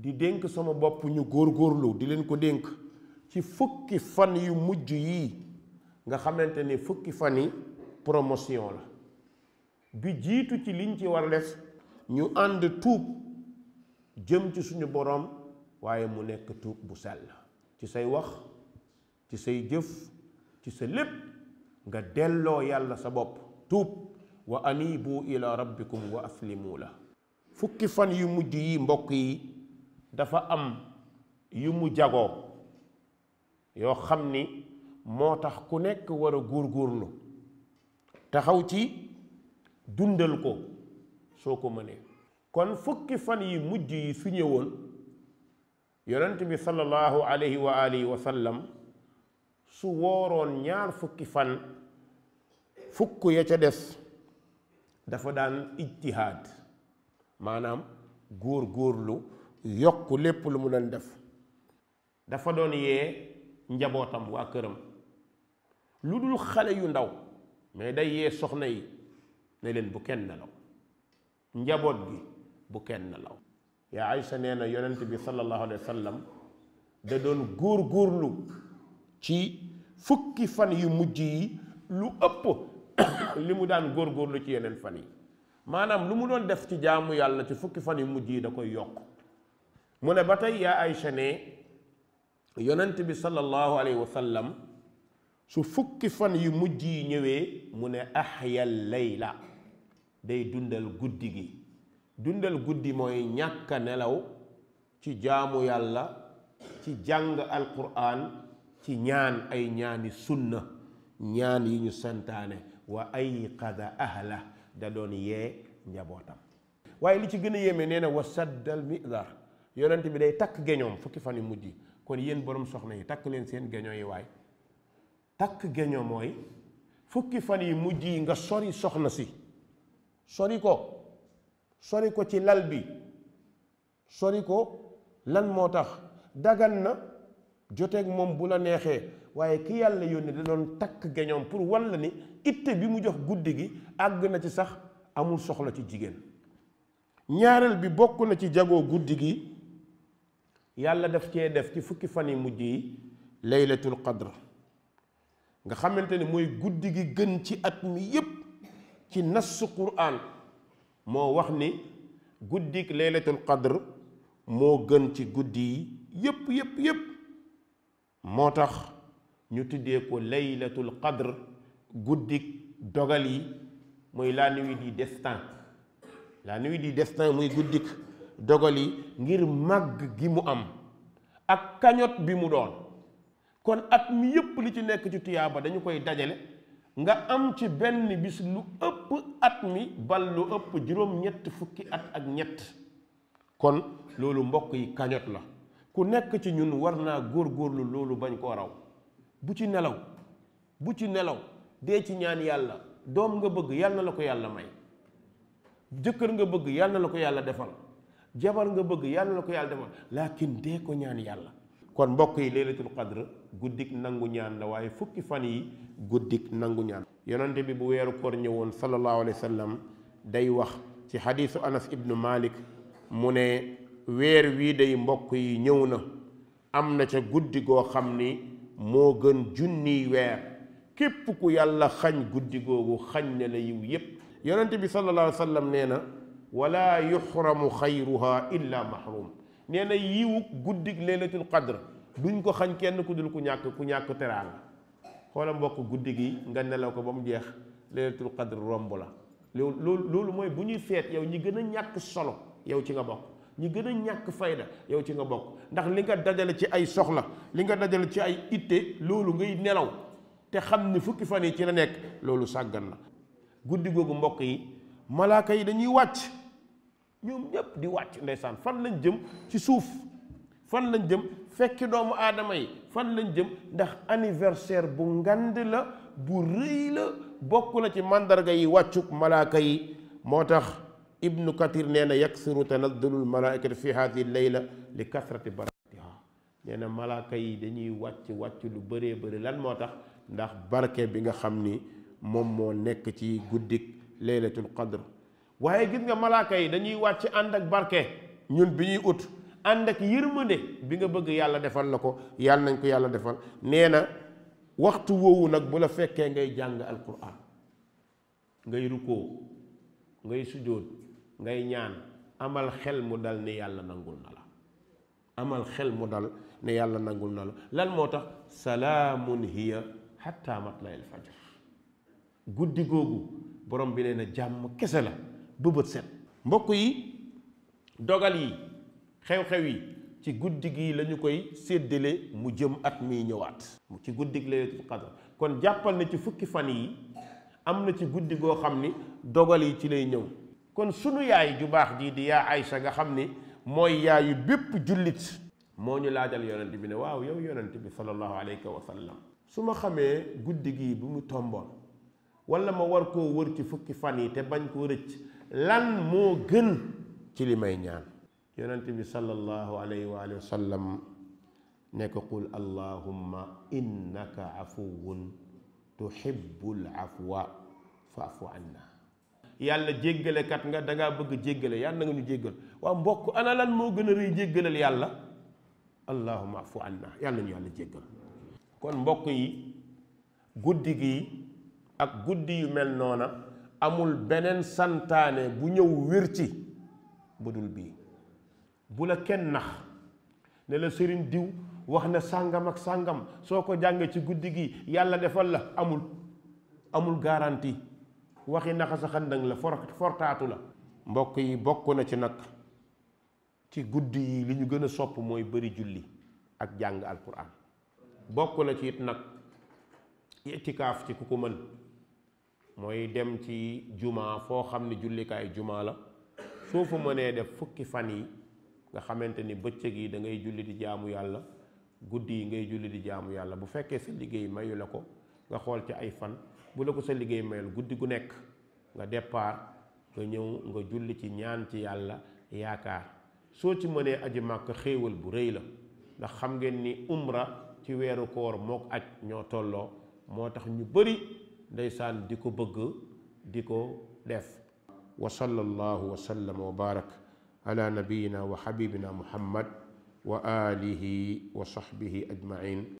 di dénk sama bopp ñu góor góorlu di leen ko dénk ci fukki fan yu mujj yii nga xamante ne fukki fan yi promotion la bi jiitu ci liñ ci war def ñu ànd tuub jëm ci suñu boroom waaye mu nekk tuub bu sell ci say wax ci say jëf ci sa lépp nga delloo yàlla sa bopp tuub wa anibu ila rabbikum wa aslimu la fukki fan yu mujj yi mbokk yi dafa am yu mu jagoo yoo xam ni moo tax ku nekk war a góor góorlu taxaw ci dundal ko soo ko mënee kon fukki fan yi mujj yi su ñëwoon yonent bi sallallahu alayhi wa alihi wa su wooroon ñaar fukki fan fukk ya ca des dafa daan ijtihaad maanaam góor góorlu yokk lépp lu mu doon def dafa doon yee njabootam waa këram lu dul xale yu ndaw mais day yee soxna yi ne leen bu kenn nelaw njaboot gi bu kenn nelaw yaa Aysa nee na yonent bi sallallahu alayhi wa sallam da doon góor góorlu ci fukki fan yu mujj yi lu ëpp li mu daan góor góorlu ci yeneen fan yi maanaam lu mu doon def ci jaamu yàlla ci fukki fan yu mujj yi da koy yokk mu ne ba tey yaa Aïcha ne yonent bi sallallahu alayhi su fukki fan yu mujj yi ñëwee mu ne axyal layla day dundal guddi gi dundal guddi mooy ñàkk nelaw ci jaamu yàlla ci jàng alquran ci ñaan ay ñaani sunna ñaan yi ñu sentaane wa ayqada ahla da doon yee njabootam waaye li ci gën a yéeme nee na wa saddal miqdaar yonent bi day takk geñoom fukki fan yu mujj yi kon yéen borom soxna yi takk leen seen geñoo yi waay takk geñoo mooy fukki fan yi mujj yi nga sori soxna si sori ko sori ko ci lal bi sori ko lan moo tax dagan na joteek moom bu la neexee waaye ki yàlla yónni da doon takk geñoom pour wan la ni itte bi mu jox guddi gi àgg na ci sax amul soxla ci jigéen ñaareel bi bokk na ci jagoo guddi gi yàlla def cee def ci fukki fan yi mujj yi laylatul qadr nga xamante ni mooy guddi gi gën ci at mi yépp ci nassu quraan moo wax ni guddik laylatul qadr moo gën ci guddi yi yépp yépp yépp moo tax ñu tuddee ko laylatul qadr guddik dogal yi mooy la nuit du destin la nuit du destin muy guddik dogali ngir màgg gi mu am ak kañot bi mu doon kon at mi yépp li ci nekk ci tuyaaba dañu koy dajale nga am ci benn bis lu ëpp at mi bal lu ëpp juróom-ñett fukki at ak ñett kon loolu mbokk yi kañot la ku nekk ci ñun war naa góorgóorlu loolu bañ koo raw bu ci nelaw bu ci nelaw dee ci ñaan yàlla doom nga bëgg yàlla na la ko yàlla may jëkkër nga bëgg yàlla na la ko yàlla defal jabar nga bëgg yàlla la ko yàlla demal laakin dee ko ñaan yàlla kon mbokk yi laylatul qadr guddik nangu ñaan la waaye fukki fan yi guddik nangu ñaan yonante bi bu weeru koor ñëwoon sallallahu alayhi wa sallam day wax ci xadiisu anas ibnu malik mu ne weer wii dey mbokk yi ñëw na am na ca guddi goo xam ni moo gën junniy weer képp ku yàlla xañ guddi googu xañ ne la yiw yépp yonante bi sallallahu alayhi wa nee na wala yuxramu xayruha illa mahrum nee na yiwu guddik laylatul qadr duñ ko xañ kenn ku dul ku ñàkk ku ñàkk teraanga xoola mbokk guddi gi nga nelaw ko ba mu jeex laylatul qadr romb la loolu mooy bu ñuy feet yow ñi gën a ñàkk solo yow ci nga bokk ñi gën a ñàkk fayda yow ci nga bokk ndax li nga dajale ci ay soxla li nga dajale ci ay itte loolu ngay nelaw te xam ni fukki fan yi ci la nekk loolu sàggan la guddi googu mbokk yi malaaka yi dañuy wàcc ñoom ñëpp di wàcc ndeysaan fan lañ jëm ci suuf fan lañ jëm fekki doomu aadama yi fan lañ jëm ndax anniversaire bu ngand la bu rëy la bokk na ci màndarga yi wàccuk malaaka yi moo tax ibnu kathir nee na yaksiru tanazzulul malaikatu fi hadihi leyla li kasrati barakatiha nee na malaaka yi dañuy wàcc wàcc lu bëree bëri lan moo tax ndax barke bi nga xam ni moom moo nekk ci guddik laylatul qadr waaye gis nga malaaka yi dañuy wàcc ànd ak barke ñun bi ñuy ut ànd ak yërmande bi nga bëgg yàlla defal la ko yàlla nañ ko yàlla defal nee na waxtu woowu nag bu la fekkee ngay jàng al alquran ngay rukkoo ngay sujjóot ngay ñaan amal xel mu dal ne yàlla nangul na la amal xel mu dal ne yàlla nangul na la lan moo tax salaamun hiya xatta matla il guddi googu borom bi nee na jàmm kese la bu set mbokk yi dogal yi xew-xew yi ci guddi gii lañu koy séddale mu jëm at miy ñëwaat ci guddi gi laylatul qadr kon jàppal na ci fukki fan yi am na ci guddi goo xam ni dogal yi ci lay ñëw kon sunu yaay ju baax jii di yaa Aysa nga xam ni mooy yu bépp jullit moo ñu laajal yonent bi ne waaw yow yonent bi sallallahu alayhi wa sallam su ma xamee guddi gii bu mu tomboon wala ma war koo wër ci fukki fan yi te bañ koo rëcc lan moo gën ci li may ñaan yonent bi sallallahu alayhi wa alihi wa ne ko qul allahumma innaka afuwun tuhibbul anna yàlla jéggalekat nga danga bëgg jéggale yàlla nga ñu jéggal waaw mbokk ana lan moo gën a rëy jéggalal yàlla allahumma afu anna yàlla ñu yàlla jéggal kon mbokk yi guddi gi ak guddi yu mel noona amul beneen santaane bu ñëw wér ci bu dul bii bu la kenn nax ne la sëriñ diw wax na sàngam ak sàngam soo ko jàngee ci guddi gi yàlla defal la amul amul garanti waxi naxa sa xandang la for fortaatu la mbokk yi bokk na ci nag ci guddi yi li ñu gën a sopp mooy bari julli ak jàng alquran bokk na ci it nag itikaaf ci ku ko mën mooy dem ci juma foo xam ne jullikaay jumaa la soo fa mënee def fukki fan yi nga xamante ni bëccëg yi da ngay julli di jaamu yàlla guddi yi ngay julli di jaamu yàlla bu fekkee sa liggéey mayu la ko nga xool ci ay fan bu la ko sa liggéey mayul guddi gu nekk nga départ nga ñëw nga julli ci ñaan ci yàlla yaakaar soo ci mënee aji màkk xéewal bu rëy la ndax xam ngeen ni umra ci weeru koor mook aj ñoo tolloo moo tax ñu bëri ndeysaan di ko bëgg di ko def wa sallallahu wa sallam wa baarak ala nabiyina wa xabibina muhammad wa alihi wa sahbihi ajmain